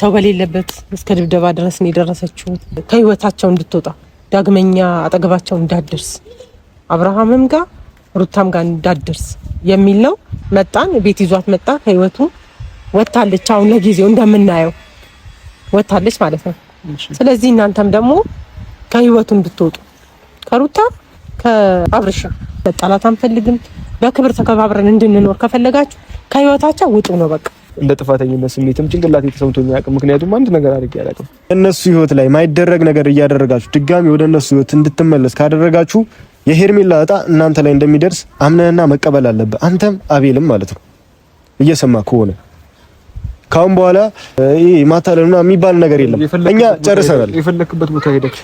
ሰው በሌለበት እስከ ድብደባ ድረስ ነው የደረሰችው። ከህይወታቸው እንድትወጣ ዳግመኛ አጠገባቸው እንዳደርስ አብርሃምም ጋር ሩታም ጋር እንዳደርስ የሚል ነው። መጣን፣ ቤት ይዟት መጣ። ከህይወቱ ወታለች። አሁን ለጊዜው እንደምናየው ወታለች ማለት ነው። ስለዚህ እናንተም ደግሞ ከህይወቱ እንድትወጡ ከሩታ ከአብርሻ መጣላት አንፈልግም። በክብር ተከባብረን እንድንኖር ከፈለጋችሁ ከህይወታቸው ውጡ ነው በቃ። እንደ ጥፋተኝነት ስሜትም ጭንቅላት የተሰምቶኝ አያውቅም። ምክንያቱም አንድ ነገር አድርጌ አላውቅም። እነሱ ህይወት ላይ ማይደረግ ነገር እያደረጋችሁ ድጋሚ ወደ እነሱ ህይወት እንድትመለስ ካደረጋችሁ የሄርሜላ እጣ እናንተ ላይ እንደሚደርስ አምነህና መቀበል አለብህ፣ አንተም አቤልም ማለት ነው። እየሰማ ከሆነ ካሁን በኋላ ይሄ ማታለልና የሚባል ነገር የለም። እኛ ጨርሰናል። የፈለክበት ቦታ ሄደህ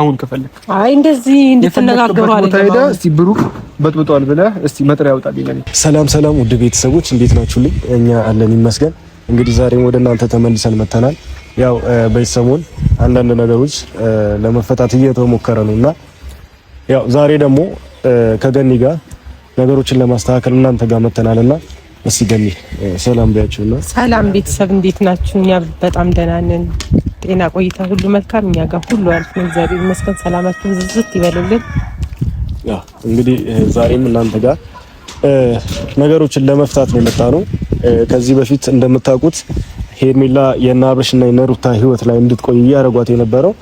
አሁን ከፈለክ አይ እንደዚህ እንድትነጋገሩ አለ ብሩክ በጥብጧል ብለህ እስቲ መጥሪያ ይለኝ። ሰላም ሰላም፣ ውድ ቤተሰቦች እንዴት ናችሁልኝ? እኛ አለን ይመስገን። እንግዲህ ዛሬም ወደ እናንተ ተመልሰን መተናል። ያው በዚህ አንዳንድ ነገሮች ለመፈታት እየተሞከረ ነው እና ያው ዛሬ ደግሞ ከገኒ ጋር ነገሮችን ለማስተካከል እናንተ ጋር መተናል እና እስቲ ገኒ ሰላም ባያችሁና። ሰላም ቤተሰብ እንዴት ናችሁ? እኛ በጣም ደህና ነን። ጤና ቆይታ ሁሉ መልካም፣ እኛ ጋር ሁሉ አሪፍ ነው፣ እግዚአብሔር ይመስገን። ሰላማችሁ ዝዝት ይበልልን። እንግዲህ ዛሬም እናንተ ጋር ነገሮችን ለመፍታት ነው የመጣ ነው። ከዚህ በፊት እንደምታውቁት ሄርሜላ የእነ አብርሽና የእነ ሩታ ህይወት ላይ እንድትቆይ እያደረጓት የነበረው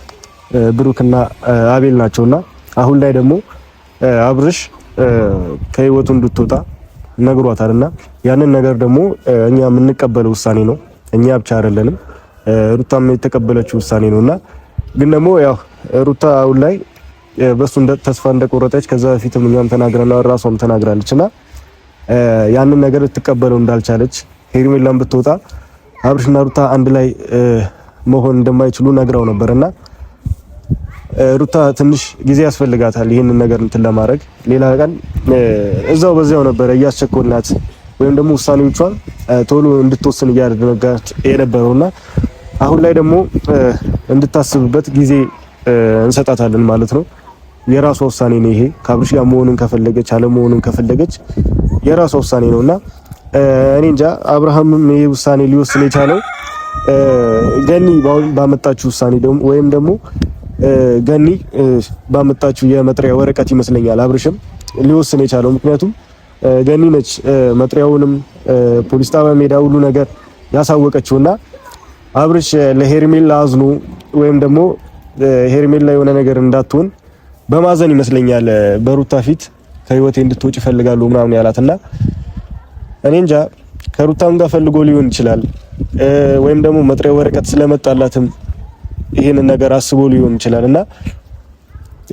ብሩክና አቤል ናቸውና አሁን ላይ ደግሞ አብርሽ ከህይወቱ እንድትወጣ ነግሯታልና ያንን ነገር ደግሞ እኛ የምንቀበለው ውሳኔ ነው። እኛ ብቻ አይደለንም ሩታም የተቀበለችው ውሳኔ ነውና ግን ደግሞ ያው ሩታ አሁን ላይ በሱ ተስፋ እንደቆረጠች ከዛ በፊትም እኛም ተናግራለ ራሷም ተናግራለች እና ያንን ነገር ልትቀበለው እንዳልቻለች ሄርሜላን ብትወጣ አብርሽና ሩታ አንድ ላይ መሆን እንደማይችሉ ነግራው ነበርና ሩታ ትንሽ ጊዜ ያስፈልጋታል ይህንን ነገር እንትን ለማድረግ። ሌላ ቀን እዛው በዚያው ነበረ እያስቸኮልናት ወይም ደግሞ ውሳኔዎቿን ቶሎ እንድትወስን እያደረጋት የነበረውና አሁን ላይ ደግሞ እንድታስብበት ጊዜ እንሰጣታለን ማለት ነው። የራሷ ውሳኔ ነው። ይሄ ከአብርሽ ጋር መሆንን ከፈለገች አለመሆንን ከፈለገች የራሷ ውሳኔ ነውና እኔ እንጃ አብርሃምም ይሄ ውሳኔ ሊወስን የቻለው ገኒ ባመጣችሁ ውሳኔ ወይም ደግሞ ገኒ ባመጣችሁ የመጥሪያ ወረቀት ይመስለኛል አብርሽም ሊወስን የቻለው ምክንያቱም ገኒ ነች መጥሪያውንም ፖሊስ ጣቢያ ሜዳ ሁሉ ነገር ያሳወቀችውና አብርሽ ለሄርሜላ አዝኖ ወይም ደግሞ ሄርሜላ የሆነ ነገር እንዳትሆን በማዘን ይመስለኛል በሩታ ፊት ከህይወቴ እንድትወጭ እፈልጋለሁ ምናምን ያላትና እኔ እንጃ ከሩታም ጋር ፈልጎ ሊሆን ይችላል ወይም ደግሞ መጥሪያ ወረቀት ስለመጣላትም ይህንን ነገር አስቦ ሊሆን ይችላል እና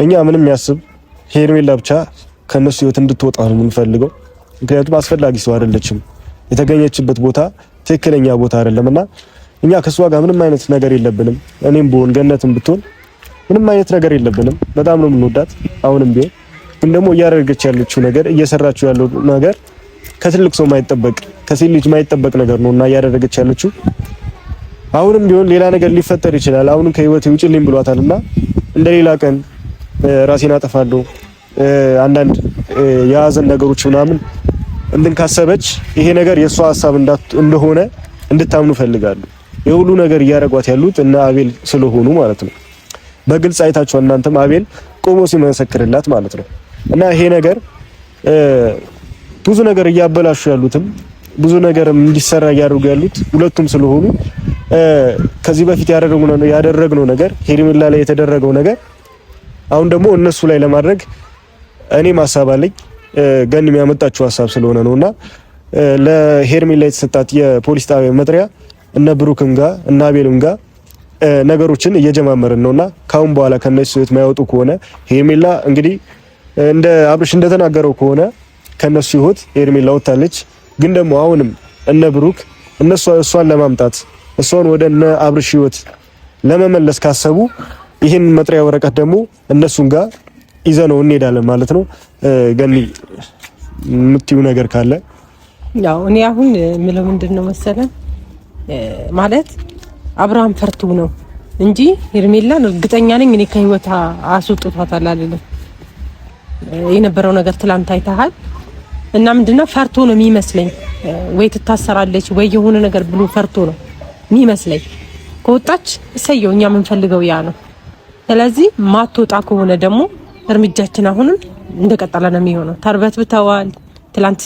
እኛ ምንም ያስብ ሄርሜላ ብቻ ከነሱ ህይወት እንድትወጣ ነው የምንፈልገው። ምክንያቱም አስፈላጊ ሰው አይደለችም። የተገኘችበት ቦታ ትክክለኛ ቦታ አይደለም እና እኛ ከሷ ጋር ምንም አይነት ነገር የለብንም። እኔም ብሆን ገነትም ብትሆን ምንም አይነት ነገር የለብንም። በጣም ነው የምንወዳት። አሁንም ቢሆን ግን ደግሞ እያደረገች ያለችው ነገር እየሰራችው ያለው ነገር ከትልቅ ሰው ማይጠበቅ ከሴት ልጅ ማይጠበቅ ነገር ነው እና እያደረገች ያለችው አሁንም ቢሆን ሌላ ነገር ሊፈጠር ይችላል። አሁንም ከህይወት ውጭልኝ ብሏታል እና እንደ ሌላ ቀን ራሴን አጠፋለሁ አንዳንድ የሀዘን ነገሮች ምናምን እንትን ካሰበች ይሄ ነገር የእሷ ሀሳብ እንደሆነ እንድታምኑ ፈልጋለሁ። የሁሉ ነገር እያደረጓት ያሉት እና አቤል ስለሆኑ ማለት ነው። በግልጽ አይታችኋል። እናንተም አቤል ቆሞ ሲመሰክርላት ማለት ነው። እና ይሄ ነገር ብዙ ነገር እያበላሹ ያሉትም ብዙ ነገር እንዲሰራ እያደረጉ ያሉት ሁለቱም ስለሆኑ ከዚህ በፊት ያደረግነው ነገር ሄርሜላ ላይ የተደረገው ነገር አሁን ደግሞ እነሱ ላይ ለማድረግ እኔም ሀሳብ አለኝ። ገን የሚያመጣችው ሀሳብ ስለሆነ ነውና ለሄርሜላ የተሰጣት የፖሊስ ጣቢያ መጥሪያ እነ ብሩክም ጋር እነ አቤልም ጋር ነገሮችን እየጀማመርን ነውና ካሁን በኋላ ከነሱ ህይወት የማይወጡ ከሆነ ሄርሜላ እንግዲህ እንደ አብርሽ እንደተናገረው ከሆነ ከነሱ ህይወት ሄርሜላ ወጣለች። ግን ደግሞ አሁንም እነ ብሩክ እነሱ እሷን ለማምጣት እሷን ወደ እነ አብርሽ ህይወት ለመመለስ ካሰቡ ይህን መጥሪያ ወረቀት ደግሞ እነሱን ጋር ይዘነው እንሄዳለን ማለት ነው። ገኒ የምትዩ ነገር ካለ ያው እኔ አሁን ምለው ምንድን ነው መሰለ ማለት አብርሃም ፈርቶ ነው እንጂ ሄርሜላን እርግጠኛ ነኝ እኔ ከህይወት አስወጥቷታል አይደለም። የነበረው ነገር ትላንት አይተሃል። እና ምንድነው ፈርቶ ነው የሚመስለኝ፣ ወይ ትታሰራለች ወይ የሆነ ነገር ብሎ ፈርቶ ነው የሚመስለኝ። ከወጣች እሰየው፣ እኛ የምንፈልገው ያ ነው። ስለዚህ ማትወጣ ከሆነ ደግሞ እርምጃችን አሁንም እንደቀጠለ ነው የሚሆነው። ተርበት ብተዋል ትላንት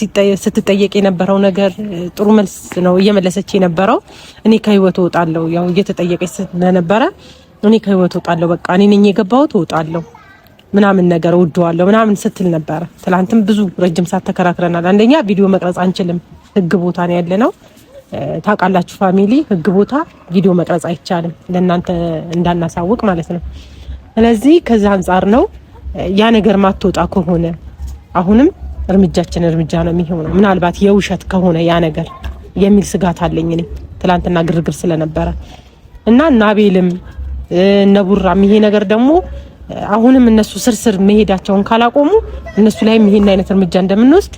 ስትጠየቅ የነበረው ነገር ጥሩ መልስ ነው እየመለሰች የነበረው። እኔ ከህይወት እወጣለሁ፣ ያው እየተጠየቀች ስለነበረ እኔ ከህይወት እወጣለሁ፣ በቃ እኔ ነኝ የገባሁት እወጣለሁ ምናምን ነገር እወደዋለሁ ምናምን ስትል ነበረ። ትላንትም ብዙ ረጅም ሰዓት ተከራክረናል። አንደኛ ቪዲዮ መቅረጽ አንችልም፣ ህግ ቦታ ነው ያለ ነው ታውቃላችሁ፣ ፋሚሊ ህግ ቦታ ቪዲዮ መቅረጽ አይቻልም፣ ለእናንተ እንዳናሳውቅ ማለት ነው። ስለዚህ ከዛ አንጻር ነው ያ ነገር ማትወጣ ከሆነ አሁንም እርምጃችን እርምጃ ነው የሚሆነው። ምናልባት የውሸት ከሆነ ያ ነገር የሚል ስጋት አለኝ እኔ ትላንትና ግርግር ስለነበረ እና እናቤልም አቤልም ይሄ ነገር ደግሞ አሁንም እነሱ ስርስር መሄዳቸውን ካላቆሙ እነሱ ላይም ይሄን አይነት እርምጃ እንደምንወስድ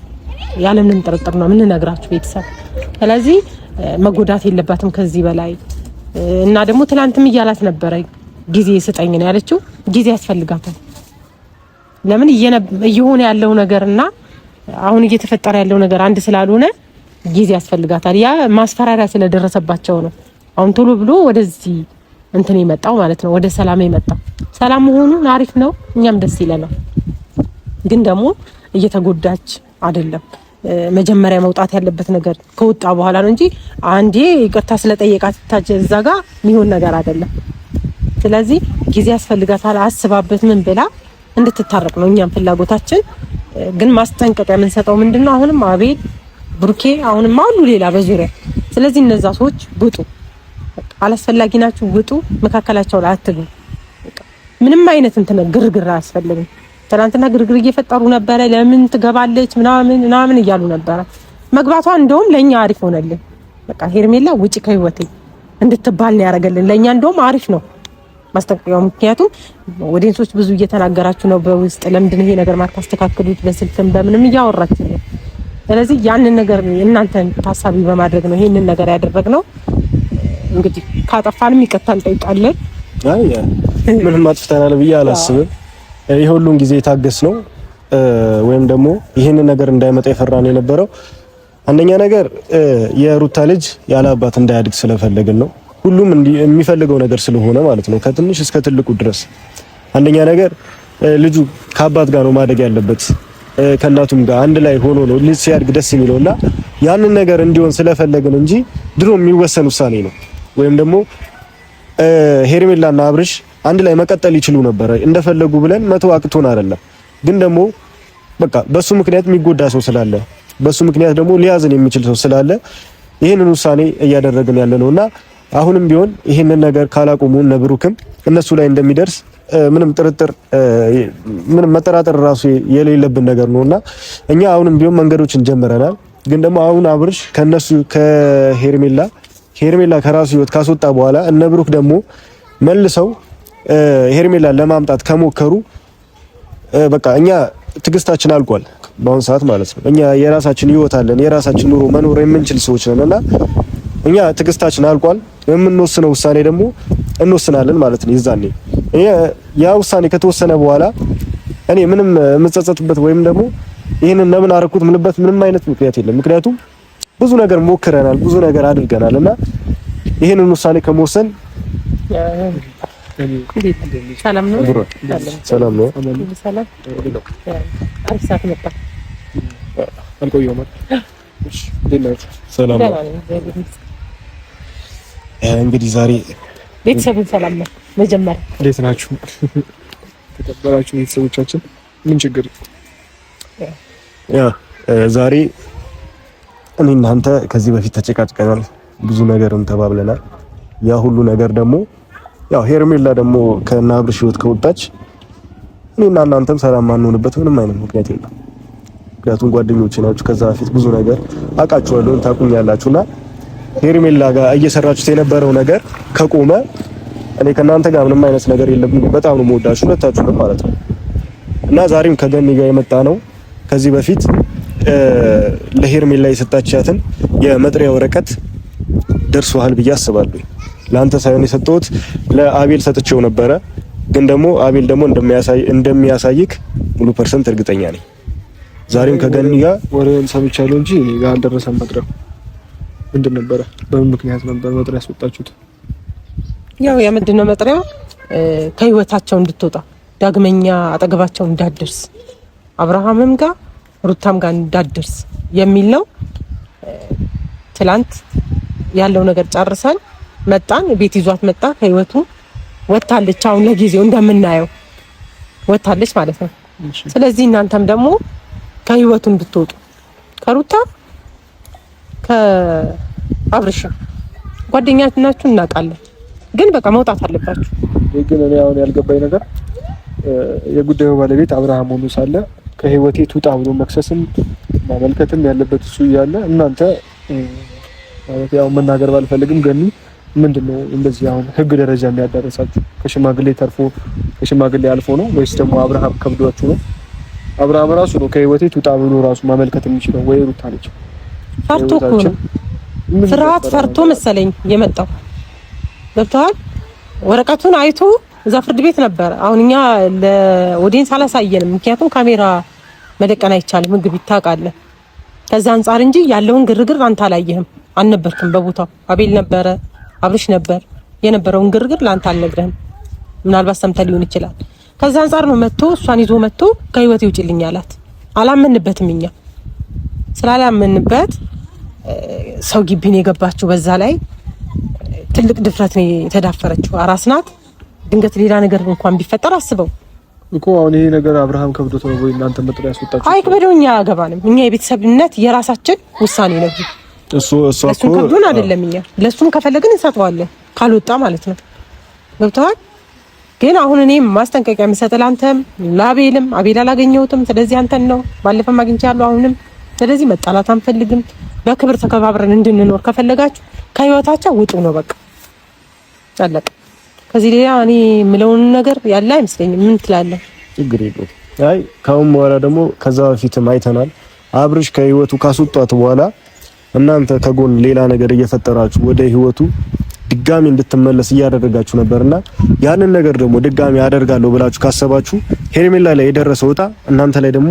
ያለምንም ጥርጥር ነው የምንነግራችሁ ቤተሰብ። ስለዚህ መጎዳት የለባትም ከዚህ በላይ እና ደግሞ ትላንትም እያላት ነበረ ጊዜ ስጠኝ ነው ያለችው። ጊዜ ያስፈልጋታል። ለምን እየሆነ ያለው ነገርና አሁን እየተፈጠረ ያለው ነገር አንድ ስላልሆነ ጊዜ ያስፈልጋታል። ያ ማስፈራሪያ ስለደረሰባቸው ነው አሁን ቶሎ ብሎ ወደዚህ እንትን የመጣው ማለት ነው፣ ወደ ሰላም የመጣው ሰላም መሆኑን አሪፍ ነው፣ እኛም ደስ ይለናል። ግን ደግሞ እየተጎዳች አይደለም። መጀመሪያ መውጣት ያለበት ነገር ከወጣ በኋላ ነው እንጂ አንዴ ይቅርታ ስለጠየቃታች እዛ ጋር የሚሆን ነገር አይደለም። ስለዚህ ጊዜ ያስፈልጋታል። አስባበት ምን ብላ እንድትታረቅ ነው እኛም ፍላጎታችን። ግን ማስጠንቀቂያ የምንሰጠው ምንድነው አሁንም አቤል ብሩኬ፣ አሁንም አሉ ሌላ በዙሪያ ስለዚህ እነዛ ሰዎች ውጡ፣ አላስፈላጊ ናችሁ፣ ውጡ፣ መካከላቸው ላይ አትግቡ። ምንም አይነት እንትን ግርግር አያስፈልግም። ትናንትና ግርግር እየፈጠሩ ነበረ። ለምን ትገባለች ምናምን ምናምን እያሉ ነበረ። መግባቷ እንደውም ለኛ አሪፍ ሆነልን። በቃ ሄርሜላ ውጭ ከህይወቴ እንድትባል ነው ያደረገልን። ለኛ እንደውም አሪፍ ነው። ማስጠንቀቂያው። ምክንያቱም ወዴንሶች ብዙ እየተናገራችሁ ነው በውስጥ ለምንድን ይሄ ነገር ማታስተካክሉት? በስልክም በምንም እያወራችሁ ነው። ስለዚህ ያንን ነገር እናንተን ታሳቢ በማድረግ ነው ይሄንን ነገር ያደረግነው። እንግዲህ ካጠፋንም ይቅርታ እንጠይቃለን። አይ ምንም አጥፍተናል ብዬ አላስብም። ይሄ ሁሉን ጊዜ የታገስ ነው ወይም ደግሞ ይህንን ነገር እንዳይመጣ የፈራን የነበረው አንደኛ ነገር የሩታ ልጅ ያለ አባት እንዳያድግ ስለፈለግን ነው። ሁሉም የሚፈልገው ነገር ስለሆነ ማለት ነው። ከትንሽ እስከ ትልቁ ድረስ አንደኛ ነገር ልጁ ከአባት ጋር ነው ማደግ ያለበት ከእናቱም ጋር አንድ ላይ ሆኖ ነው ልጅ ሲያድግ ደስ የሚለውና ያንን ነገር እንዲሆን ስለፈለግን እንጂ ድሮ የሚወሰን ውሳኔ ነው። ወይም ደግሞ ሄርሜላና አብርሽ አንድ ላይ መቀጠል ይችሉ ነበረ እንደፈለጉ ብለን መቶ አቅቶን አይደለም። ግን ደግሞ በቃ በሱ ምክንያት የሚጎዳ ሰው ስላለ በሱ ምክንያት ደግሞ ሊያዝን የሚችል ሰው ስላለ ይህንን ውሳኔ እያደረግን ያለ ነውና አሁንም ቢሆን ይህንን ነገር ካላቆሙ እነ ብሩክም እነሱ ላይ እንደሚደርስ ምንም ጥርጥር ምንም መጠራጠር ራሱ የሌለብን ነገር ነውና እኛ አሁንም ቢሆን መንገዶችን ጀምረናል። ግን ደግሞ አሁን አብርሽ ከነሱ ከሄርሜላ ሄርሜላ ከራሱ ህይወት ካስወጣ በኋላ እነ ብሩክ ደግሞ መልሰው ሄርሜላ ለማምጣት ከሞከሩ በቃ እኛ ትግስታችን አልቋል። በአሁኑ ሰዓት ማለት ነው። እኛ የራሳችን ህይወት አለን፣ የራሳችን ኑሮ መኖር የምንችል ሰዎች ነን እና እኛ ትግስታችን አልቋል። የምንወስነው ውሳኔ ደግሞ እንወስናለን ማለት ነው። ይዛኔ ያ ውሳኔ ከተወሰነ በኋላ እኔ ምንም የምጸጸትበት ወይም ደግሞ ይህንን ለምን አረኩት ምንበት ምንም አይነት ምክንያት የለም። ምክንያቱም ብዙ ነገር ሞክረናል፣ ብዙ ነገር አድርገናል እና ይህንን ውሳኔ ከመወሰን ሰላም ነው። ሰላም ነው። ሰላም ነው። እንግዲህ ዛሬ ቤተሰብን ሰላም ነው። መጀመሪያ እንዴት ናችሁ? ተቀበላችሁ ቤተሰቦቻችን? ምን ችግር ያ ዛሬ እኔ እናንተ ከዚህ በፊት ተጨቃጭቀናል፣ ብዙ ነገርም ተባብለናል። ያ ሁሉ ነገር ደግሞ ያው ሄርሜላ ደግሞ ከእነ አብርሽ ህይወት ከወጣች እኔና እናንተም ሰላም ማንሆንበት ምንም አይነት ምክንያት የለም። ምክንያቱም ጓደኞቼ ናችሁ። ከዛ በፊት ብዙ ነገር አውቃችኋለሁ፣ ታውቁኛላችሁና ሄርሜላ ጋር እየሰራችሁት የነበረው ነገር ከቆመ እኔ ከእናንተ ጋር ምንም አይነት ነገር የለም። በጣም ነው የምወዳችሁ ሁለታችሁንም ማለት ነው። እና ዛሬም ከገኒ ጋር የመጣ ነው ከዚህ በፊት ለሄርሜላ የሰጣቻትን የመጥሪያ ወረቀት ደርሶሃል ብዬ አስባለሁ። ለአንተ ሳይሆን የሰጠሁት ለአቤል ሰጥቼው ነበረ። ግን ደግሞ አቤል ደግሞ እንደሚያሳይክ ሙሉ ፐርሰንት እርግጠኛ ነኝ። ዛሬም ከገኒ ጋር ወሬን ሰምቻለሁ እንጂ እኔ ጋር አልደረሰም መቅረብ ምንድን ነበረ? በምን ምክንያት ነበር መጥሪያ ያስወጣችሁት? ያው የምንድን ነው ከህይወታቸው እንድትወጣ ዳግመኛ አጠገባቸው እንዳደርስ አብርሃምም ጋር ሩታም ጋር እንዳደርስ የሚል ነው። ትላንት ያለው ነገር ጨርሰን መጣን። ቤት ይዟት መጣ። ከህይወቱ ወታለች። አሁን ለጊዜው እንደምናየው ወታለች ማለት ነው። ስለዚህ እናንተም ደግሞ ከህይወቱ እንድትወጡ ከሩታ ከአብርሻ ጓደኛናችሁ ናችሁ እናውቃለን፣ ግን በቃ መውጣት አለባችሁ። ግን እኔ አሁን ያልገባኝ ነገር የጉዳዩ ባለቤት አብርሃም ሆኖ ሳለ ከህይወቴ ትውጣ ብሎ መክሰስም ማመልከትም ያለበት እሱ እያለ እናንተ ማለት ያው መናገር ባልፈልግም ገኒ ምንድን ነው እንደዚህ አሁን ህግ ደረጃ የሚያዳረሳችሁ? ከሽማግሌ ተርፎ ከሽማግሌ አልፎ ነው ወይስ ደግሞ አብርሃም ከብዷችሁ ነው? አብርሃም ራሱ ነው ከህይወቴ ትውጣ ብሎ ራሱ ማመልከት የሚችለው ወይ ሩታ ነች? ፈርቶ እኮ ነው ፍርሃት ፈርቶ መሰለኝ የመጣው ገብተዋል። ወረቀቱን አይቶ እዛ ፍርድ ቤት ነበር። አሁን እኛ ለኦዲየንስ አላሳየንም፣ ምክንያቱም ካሜራ መደቀን አይቻልም፣ ምግብ ይታቃለ ከዛ አንጻር እንጂ ያለውን ግርግር አንተ አላየህም፣ አልነበርክም በቦታው። አቤል ነበረ፣ አብርሽ ነበር። የነበረውን ግርግር ለአንተ አልነግረህም፣ ምናልባት ሰምተህ ሊሆን ይችላል። ከዛ አንጻር ነው መጥቶ እሷን ይዞ መጥቶ ከህይወት ይውጭልኝ አላት። አላመንበትም እኛ ስላላመንበት ሰው ግቢን የገባችው። በዛ ላይ ትልቅ ድፍረት ነው የተዳፈረችው። አራስ ናት። ድንገት ሌላ ነገር እንኳን ቢፈጠር አስበው እኮ አሁን ይሄ ነገር አብርሃም ከብዶት ነው ወይ እናንተ መጥቶ ያስወጣችሁ? አይ ከብዶት እኛ እኛ የቤተሰብነት የራሳችን ውሳኔ ነው። እሱ እሱ እሱ ከብዶን አይደለም። እኛ ለሱም ከፈለግን እንሰጠዋለን፣ ካልወጣ ማለት ነው። ገብተዋል። ግን አሁን እኔ ማስጠንቀቂያ የምሰጥልህ አንተም ለአቤልም፣ አቤል አላገኘሁትም። ስለዚህ አንተን ነው ባለፈም አግኝቻለሁ አሁንም ስለዚህ መጣላት አንፈልግም። በክብር ተከባብረን እንድንኖር ከፈለጋችሁ ከህይወታቸው ውጡ ነው በቃ አለቀ። ከዚህ ሌላ እኔ የምለውን ነገር ያለ አይመስለኝም። ምን ትላለህ? ችግር የለውም። አይ ካሁን በኋላ ደግሞ ከዛ በፊትም አይተናል። አብርሽ ከህይወቱ ካስወጣት በኋላ እናንተ ከጎን ሌላ ነገር እየፈጠራችሁ ወደ ህይወቱ ድጋሚ እንድትመለስ እያደረጋችሁ ነበርና ያንን ነገር ደግሞ ድጋሚ አደርጋለሁ ብላችሁ ካሰባችሁ ሄርሜላ ላይ የደረሰ ወጣ እናንተ ላይ ደግሞ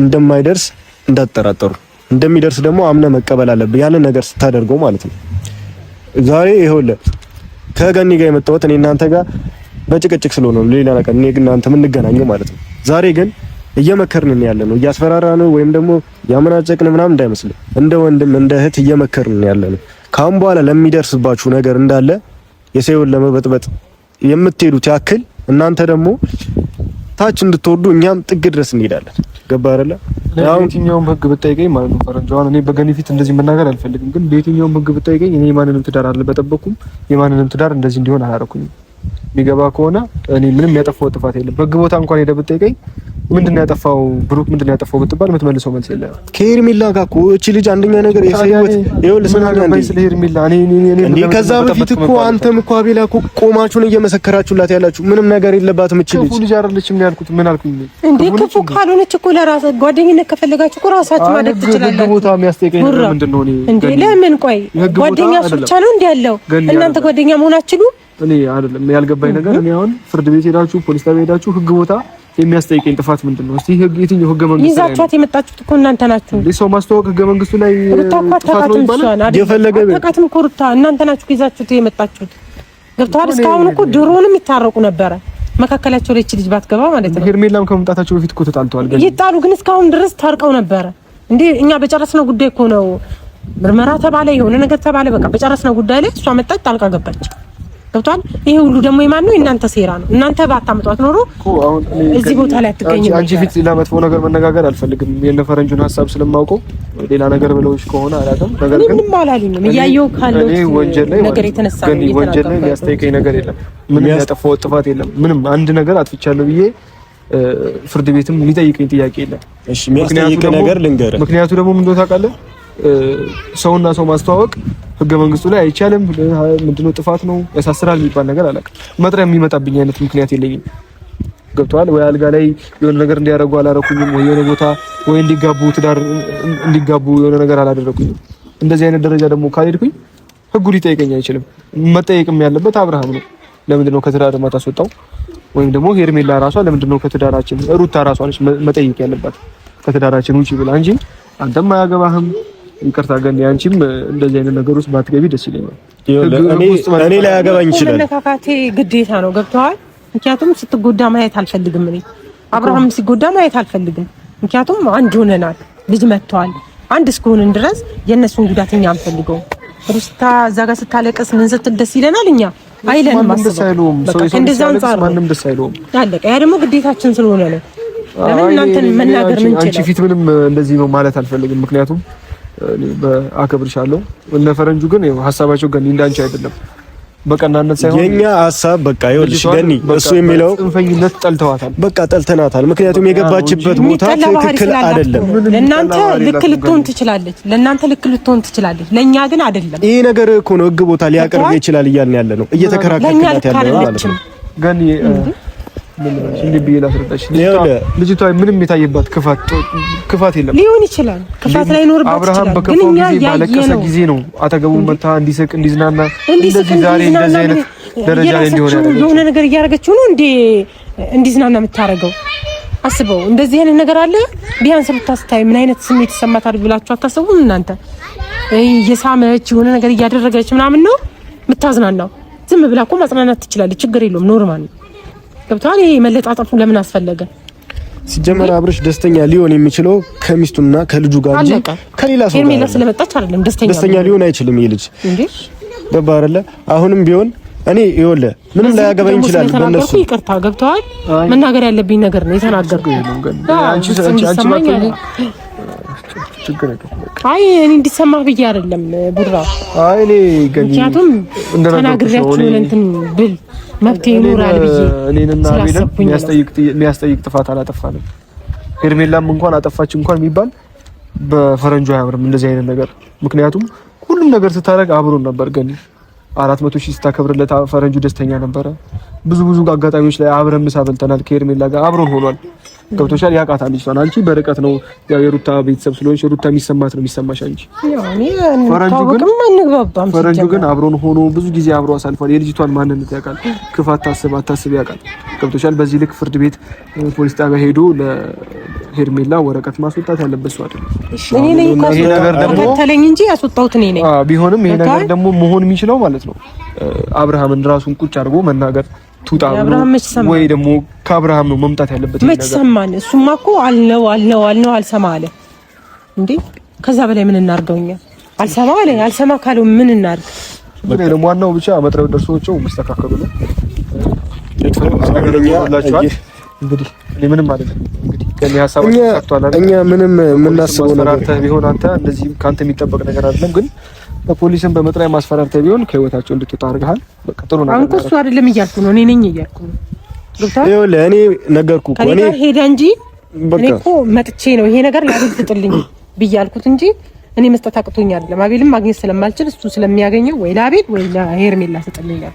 እንደማይደርስ እንዳትጠራጠሩ እንደሚደርስ ደግሞ አምነ መቀበል አለብህ። ያንን ነገር ስታደርገው ማለት ነው። ዛሬ ይኸውልህ ከገኒ ጋር የመጣሁት እኔ እናንተ ጋር በጭቅጭቅ ስለሆነ ነው። ሌላ ነገር እኔ ግን እናንተ የምንገናኘው ማለት ነው። ዛሬ ግን እየመከርን ያለ ነው። እያስፈራራ ነው ወይም ደግሞ ያመናጨቅን ምናምን እንዳይመስል፣ እንደ ወንድም እንደ እህት እየመከርን ያለ ነው። ካሁን በኋላ ለሚደርስባችሁ ነገር እንዳለ የሰውን ለመበጥበጥ የምትሄዱት ያክል እናንተ ደግሞ ታች እንድትወርዱ እኛም ጥግ ድረስ እንሄዳለን። ገባ አይደለ? ያው የትኛውም ህግ ብታይቀኝ ማለት ነው ፈረንጅ። አሁን እኔ በገኒ ፊት እንደዚህ መናገር አልፈልግም፣ ግን በየትኛውም ህግ ብታይቀኝ እኔ የማንንም ትዳር አልበጠበኩም፣ የማንንም ትዳር እንደዚህ እንዲሆን አላደረኩኝም። የሚገባ ከሆነ እኔ ምንም ያጠፋው ጥፋት የለም። በህግ ቦታ እንኳን ሄደህ ብታይቀኝ ምንድን ነው ያጠፋው ብሩክ ምንድን ነው ያጠፋው ብትባል የምትመልሰው መልስ የለም። ከሄርሜላ ጋር እኮ እቺ ልጅ አንደኛ ነገር የሰይበት ይኸውልህ፣ ከዛ በፊት እኮ አንተም እኮ አቤላ እኮ ቆማችሁን እየመሰከራችሁላት ያላችሁ ምንም ነገር የለባትም እቺ ልጅ። ልጅ አይደለችም ነው ያልኩት። ምን አልኩኝ እንዴ? ክፉ ካልሆነች እኮ ለራስ ጓደኝነት ከፈለጋችሁ እኮ ራሳችሁ ማለት ትችላላችሁ። ህግ ቦታ የሚያስጠይቀኝ ምንድን ነው እንዴ? ለምን ቆይ ጓደኛ እሱ ብቻ ነው እንዴ ያለው? እናንተ ጓደኛ መሆናችሁ እኔ አይደለም ያልገባኝ ነገር። እኔ አሁን ፍርድ ቤት ሄዳችሁ ፖሊስ ጣቢያ ሄዳችሁ ህግ ቦታ የሚያስጠይቀኝ ጥፋት ምንድን ነው? እስቲ ህግ የትኛው ህገ መንግስት ላይ ይዛችኋት የመጣችሁት እኮ እናንተ ናችሁ። ሰው ማስተዋወቅ ህገ መንግስቱ ላይ ተቃትም እኮ ሩታ እናንተ ናችሁ ይዛችሁት የመጣችሁት ገብተዋል። እስካሁን እኮ ድሮንም ይታረቁ ነበረ መካከላቸው ላይ እቺ ልጅ ባትገባ ማለት ነው። ሄርሜላም ከመምጣታቸው በፊት እኮ ተጣልተዋል። ይጣሉ ግን እስካሁን ድረስ ታርቀው ነበረ እንዴ። እኛ በጨረስነው ጉዳይ እኮ ነው ምርመራ ተባለ የሆነ ነገር ተባለ በቃ በጨረስነው ጉዳይ ላይ እሷ መጣች ጣልቃ ገባች። ገብቷል። ይሄ ሁሉ ደግሞ የማን ነው? እናንተ ሴራ ነው። እናንተ ባታመጧት ኖሮ እዚህ ቦታ ላይ አትገኝም። አንቺ ፊት ሌላ መጥፎ ነገር መነጋገር አልፈልግም። የእነ ፈረንጁን ሀሳብ ስለማውቀው ሌላ ነገር ብለውሽ ከሆነ አላውቅም። ነገር ግን ምንም አላልኝም። እያየሁ ካለው ወንጀል ላይ ነገር የተነሳ ነው። ወንጀል ላይ የሚያስጠይቀኝ ነገር የለም። ምንም ያጠፋሁት ጥፋት የለም። ምንም አንድ ነገር አጥፍቻለሁ ብዬ ፍርድ ቤትም የሚጠይቀኝ ጥያቄ የለም። እሺ፣ የሚያስጠይቅ ነገር ልንገርህ። ምክንያቱ ደግሞ ምን እንደው ታውቃለህ ሰውና ሰው ማስተዋወቅ ህገ መንግስቱ ላይ አይቻልም፣ ምንድነው ጥፋት ነው ያሳስራል የሚባል ነገር አላውቅም። መጥሪያ የሚመጣብኝ አይነት ምክንያት የለኝም። ገብተዋል ወይ አልጋ ላይ የሆነ ነገር እንዲያደርጉ አላረኩኝም ወይ የሆነ ቦታ ወይ እንዲጋቡ ትዳር እንዲጋቡ የሆነ ነገር አላደረኩኝም። እንደዚህ አይነት ደረጃ ደግሞ ካልሄድኩኝ ህጉ ሊጠይቀኝ አይችልም። መጠየቅም ያለበት አብርሃም ነው። ለምንድነው ከትዳር የማታስወጣው? ወይም ደግሞ ሄርሜላ ራሷ ለምንድነው ከትዳራችን ሩታ ራሷ ነች መጠየቅ ያለባት ከትዳራችን ውጭ ብላ እንጂ አንተም አያገባህም ይቅርታ ግን ያንቺም እንደዚህ አይነት ነገር ውስጥ ባትገቢ ደስ ይለኛል። እኔ ላይ ይችላል። መነካካቴ ግዴታ ነው። ገብተዋል። ምክንያቱም ስትጎዳ ማየት አልፈልግም። እኔ አብርሃም ሲጎዳ ማየት አልፈልግም። ምክንያቱም አንድ ሆነናል፣ ልጅ መጥተዋል። አንድ እስከሆንን ድረስ የእነሱን ጉዳት እኛ አንፈልገውም። ሩስታ እዛ ጋር ስታለቀስ ምን ስትል ደስ ይለናል እኛ አይለንም። አስበውም እንደዛ ማንም ደስ አይለውም። አለቀ። ያ ደግሞ ግዴታችን ስለሆነ ነው። ለምን እናንተን መናገር ምን ይችላል? አንቺ ፊት ምንም እንደዚህ ነው ማለት አልፈልግም ምክንያቱም አከብርሻለሁ። እነ ፈረንጁ ግን ሀሳባቸው ገኒ እንዳንቺ አይደለም። በቀናነት ሳይሆን የኛ ሀሳብ በቃ ይኸውልሽ፣ ገኒ እሱ የሚለው ጽንፈኝነት ጠልተዋታል፣ በቃ ጠልተናታል። ምክንያቱም የገባችበት ቦታ ትክክል አይደለም። ለእናንተ ልክ ልትሆን ትችላለች፣ ለእናንተ ልክ ልትሆን ትችላለች፣ ለእኛ ግን አይደለም። ይሄ ነገር እኮ ነው ህግ ቦታ ሊያቀርብ ይችላል እያልን ያለ ነው፣ እየተከራከርክላት ያለ ነው ማለት ነው ገኒ ልጅቷ ምንም የታየባት ክፋት የለም። ሊሆን ይችላል ክፋት ላይ ኖርባት አብርሃም በከፋው ጊዜ ነው አጠገቡ መታ እንዲስቅ እንዲዝናና እንደዚህ አይነት ደረጃ የሆነ ነገር እያደረገችው ነው እንዴ እንዲዝናና የምታደርገው አስበው። እንደዚህ አይነት ነገር አለ። ቢያንስ ብታስታይ ምን አይነት ስሜት ይሰማታል ብላችሁ አታስቡም እናንተ? እየሳመች የሆነ ነገር እያደረገች ምናምን ነው የምታዝናናው። ዝም ብላ እኮ ማጽናናት ትችላለች። ችግር የለውም ኖርማል ነው። ገብቷል። ይሄ መለጣጠፉ ለምን አስፈለገ? ሲጀመር አብርሽ ደስተኛ ሊሆን የሚችለው ከሚስቱና ከልጁ ጋር እንጂ ከሌላ ሰው ጋር ስለመጣች አይደለም። ደስተኛ ደስተኛ ሊሆን አይችልም ይሄ ልጅ ገባ አይደለ? አሁንም ቢሆን እኔ ይወለ ምንም ላያገባኝ ይችላል። በእነሱ ይቅርታ ገብተዋል። መናገር ያለብኝ ነገር ነው የተናገርኩት። አይ እኔ እንዲሰማህ ብዬ አይደለም ቡራ። አይ እኔ ገኝ ምክንያቱም ተናግሬያችሁ እንትን ብል መፍትሄ ይኖራል ብዬ እኔንና የሚያስጠይቅ ጥፋት አላጠፋንም። ሄርሜላም እንኳን አጠፋች እንኳን የሚባል በፈረንጆ አያምርም እንደዚህ አይነት ነገር። ምክንያቱም ሁሉም ነገር ስታደርግ አብሮን ነበር ገኒ አራት መቶ ሺህ ስታከብርለት ፈረንጁ ደስተኛ ነበረ። ብዙ ብዙ አጋጣሚዎች ላይ አብረን ምሳ በልተናል ከሄርሜላ ጋር አብሮን ሆኗል። ገብቶሻል። ያውቃታል ልጅቷን። አንቺ በርቀት ነው ያው የሩታ ቤተሰብ ስለሆንሽ ሩታ የሚሰማት ነው የሚሰማሽ አንቺ። ፈረንጁ ግን አብሮን ሆኖ ብዙ ጊዜ አብሮ አሳልፏል። የልጅቷን ማንነት ያውቃል። ክፋት ታስብ አታስብ ያውቃል። ገብቶሻል። በዚህ ልክ ፍርድ ቤት ፖሊስ ጣቢያ ሄዶ ሄርሜላ ወረቀት ማስወጣት ያለበት ሰው አይደለም። ይሄ ነገር ደግሞ ከተለኝ እንጂ ያስወጣሁት እኔ ነኝ። ቢሆንም ይሄ ነገር ደግሞ መሆን የሚችለው ማለት ነው አብርሃምን ራሱን ቁጭ አድርጎ መናገር ትውጣ ብሎ ወይ ደግሞ ከአብርሃም ነው መምጣት ያለበት። መች ሰማን? እሱማ እኮ አልነው አልነው አልነው አልሰማ አለ እንዴ። ከዛ በላይ ምን እናድርገው እኛ? አልሰማ አለ አልሰማ ካለው ምን እናድርግ? ምን ደግሞ ዋናው ብቻ መጥሪያው ደርሶዎቸው መስተካከሉ ነው። አይደለም። እኛ ምንም የምናስበው ነገር ቢሆን አንተ እንደዚህ ካንተ የሚጠበቅ ነገር አይደለም ግን ፖሊስን በመጥሪያ ማስፈራርተህ ቢሆን ከህይወታቸው እንድትወጣ አድርገሃል። በቃ ጥሩ ነገር። አንተ እሱ አይደለም እያልኩ ነው፣ እኔ ነኝ እያልኩ ነው። ይኸውልህ እኔ ነገርኩህ እኮ እኔ ሄደ እንጂ እኔ እኮ መጥቼ ነው ይሄ ነገር ላብጥልኝ ብዬ አልኩት እንጂ እኔ መስጠት አቅቶኝ አይደለም። አቤልም ማግኘት ስለማልችል እሱ ስለሚያገኘው ወይ ለአቤል ወይ ለሄርሜላ ስጥልኛል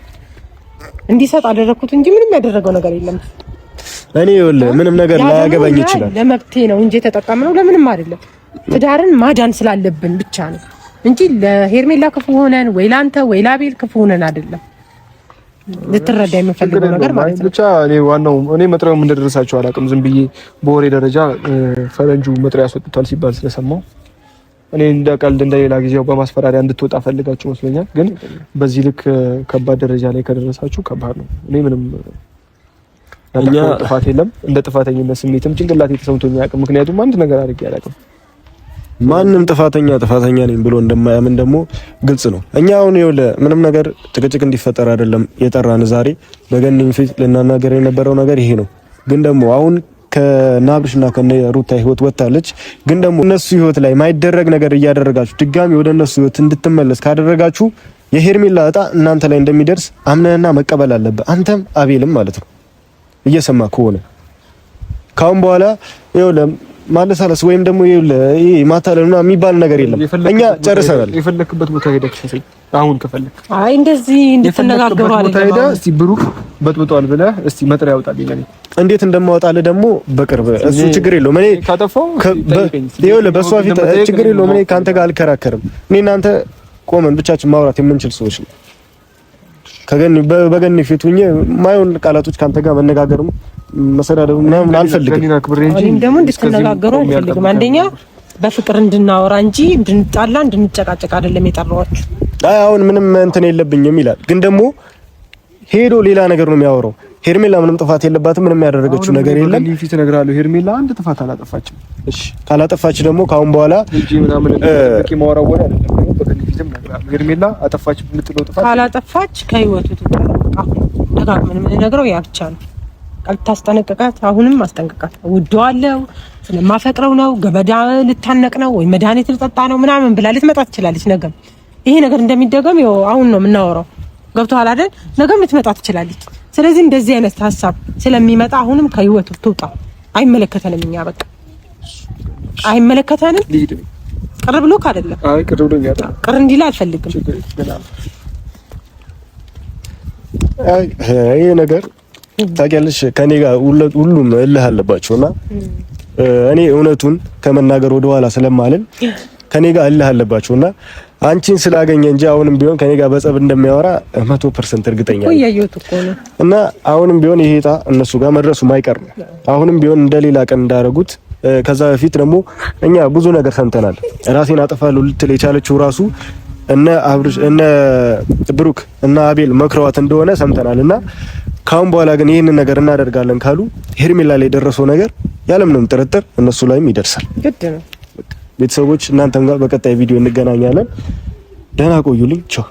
እንዲሰጥ አደረግኩት እንጂ ምንም ያደረገው ነገር የለም። እኔ ይኸውልህ ምንም ነገር ላያገባኝ ይችላል። ለመብቴ ነው እንጂ የተጠቀምነው ለምንም አይደለም። ትዳርን ማዳን ስላለብን ብቻ ነው። እንጂ ለሄርሜላ ክፉ ሆነን ወይ ላንተ ወይ ላቤል ክፉ ሆነን አይደለም። ልትረዳ የምፈልገው ነገር ማለት ነው። ብቻ እኔ ዋናው እኔ መጥሪያው ምን እንደደረሳቸው አላውቅም። ዝም ብዬ በወሬ ደረጃ ፈረንጁ መጥሪያ ያስወጥቷል ሲባል ስለሰማው እኔ እንደ ቀልድ እንደሌላ ጊዜው በማስፈራሪያ እንድትወጣ ፈልጋችሁ መስሎኛል። ግን በዚህ ልክ ከባድ ደረጃ ላይ ከደረሳችሁ ከባድ ነው። እኔ ምንም ጥፋት የለም። እንደ ጥፋተኝነት ስሜትም ጭንቅላት የተሰምቶ አያውቅም። ምክንያቱም አንድ ነገር አድርጌ አላውቅም። ማንም ጥፋተኛ ጥፋተኛ ነኝ ብሎ እንደማያምን ደግሞ ግልጽ ነው። እኛ አሁን የለ ምንም ነገር ጭቅጭቅ እንዲፈጠር አይደለም የጠራን ዛሬ በገኒም ፊት ልናናገር የነበረው ነገር ይሄ ነው። ግን ደግሞ አሁን ከናብርሽና ከነሩታ ህይወት ወጥታለች። ግን ደግሞ እነሱ ህይወት ላይ ማይደረግ ነገር እያደረጋችሁ ድጋሚ ወደ እነሱ ህይወት እንድትመለስ ካደረጋችሁ የሄርሜላ እጣ እናንተ ላይ እንደሚደርስ አምነህና መቀበል አለብህ። አንተም አቤልም ማለት ነው። እየሰማ ከሆነ ካሁን በኋላ ይኸውልህ ማለሳለስ ወይም ደግሞ ይሄ ማታለል ምናምን የሚባል ነገር የለም። እኛ ጨርሰናል። የፈለክበት ቦታ ሄደህ አሁን ከፈለክ አይ እንደዚህ እንድትነጋገሩ አለ ታይዳ እስቲ ብሩክ በጥብጧል ብለህ እስቲ መጥሪያ ያውጣልኝ። ለኔ እንዴት እንደማወጣልህ ደግሞ በቅርብ እሱ ችግር የለውም። እኔ ካጠፋው ይኸውልህ በእሷ ፊት ችግር የለውም። እኔ ከአንተ ጋር አልከራከርም። እኔ እናንተ ቆመን ብቻችን ማውራት የምንችል ሰዎች ነው። ከገን በገን ፊት ሁኜ ማይሆን ቃላቶች ከአንተ ጋር መነጋገርም መሰዳደብ ምናምን አልፈልግም። እኔም ደግሞ እንድትነጋገሩ አልፈልግም። አንደኛ በፍቅር እንድናወራ እንጂ እንድንጣላ እንድንጨቃጨቅ አይደለም የጠራኋችሁ። አይ አሁን ምንም እንትን የለብኝም ይላል፣ ግን ደግሞ ሄዶ ሌላ ነገር ነው የሚያወራው። ሄርሜላ ምንም ጥፋት የለባትም። ምንም ያደረገችው ነገር የለም። ፊት እነግርሃለሁ፣ ሄርሜላ አንድ ጥፋት አላጠፋችም። እሺ ካላጠፋች ደግሞ ካሁን በኋላ እንጂ ምናምን ሄርሜላ አጠፋች የምትለው ጥፋት ካላጠፋች ከህይወቱ ትውጣ። ደጋግመን የምንነግረው ያ ብቻ ነው። ልታስጠነቅቃት አሁንም አስጠንቅቃት። ውደዋለው፣ ስለማፈቅረው ነው፣ ገበዳ ልታነቅ ነው ወይ መድኃኒት ልጠጣ ነው ምናምን ብላ ልትመጣ ትችላለች። ነገም ይሄ ነገር እንደሚደገም ይኸው አሁን ነው የምናወራው። ገብቶሃል አይደል? ነገም ልትመጣ ትችላለች። ስለዚህ እንደዚህ አይነት ሀሳብ ስለሚመጣ አሁንም ከህይወቱ ትውጣ። አይመለከተንም፣ እኛ በቃ አይመለከተንም። ቅር ብሎክ አይደለም። ቅር እንዲላ አልፈልግም። ይሄ ነገር ታውቂያለሽ ከኔ ጋር ሁሉም እልህ አለባቸውና እኔ እውነቱን ከመናገር ወደኋላ ስለማልን ከኔ ጋር እልህ አለባቸውና አንቺን ስላገኘ እንጂ አሁንም ቢሆን ከኔ ጋር በጸብ እንደሚያወራ 100% እርግጠኛ እና አሁንም ቢሆን ይሄ ዕጣ እነሱ ጋር መድረሱ ማይቀር ነው። አሁንም ቢሆን እንደሌላ ቀን እንዳደረጉት ከዛ በፊት ደግሞ እኛ ብዙ ነገር ሰምተናል። ራሴን አጠፋለሁ ልትል የቻለችው ራሱ እነ አብርሽ እነ ብሩክ እና አቤል መክረዋት እንደሆነ ሰምተናል። እና ካሁን በኋላ ግን ይህንን ነገር እናደርጋለን ካሉ ሄርሜላ ላይ የደረሰው ነገር ያለምንም ጥርጥር እነሱ ላይም ይደርሳል። ቤተሰቦች እናንተም ጋር በቀጣይ ቪዲዮ እንገናኛለን። ደህና ቆዩልኝ። ቻው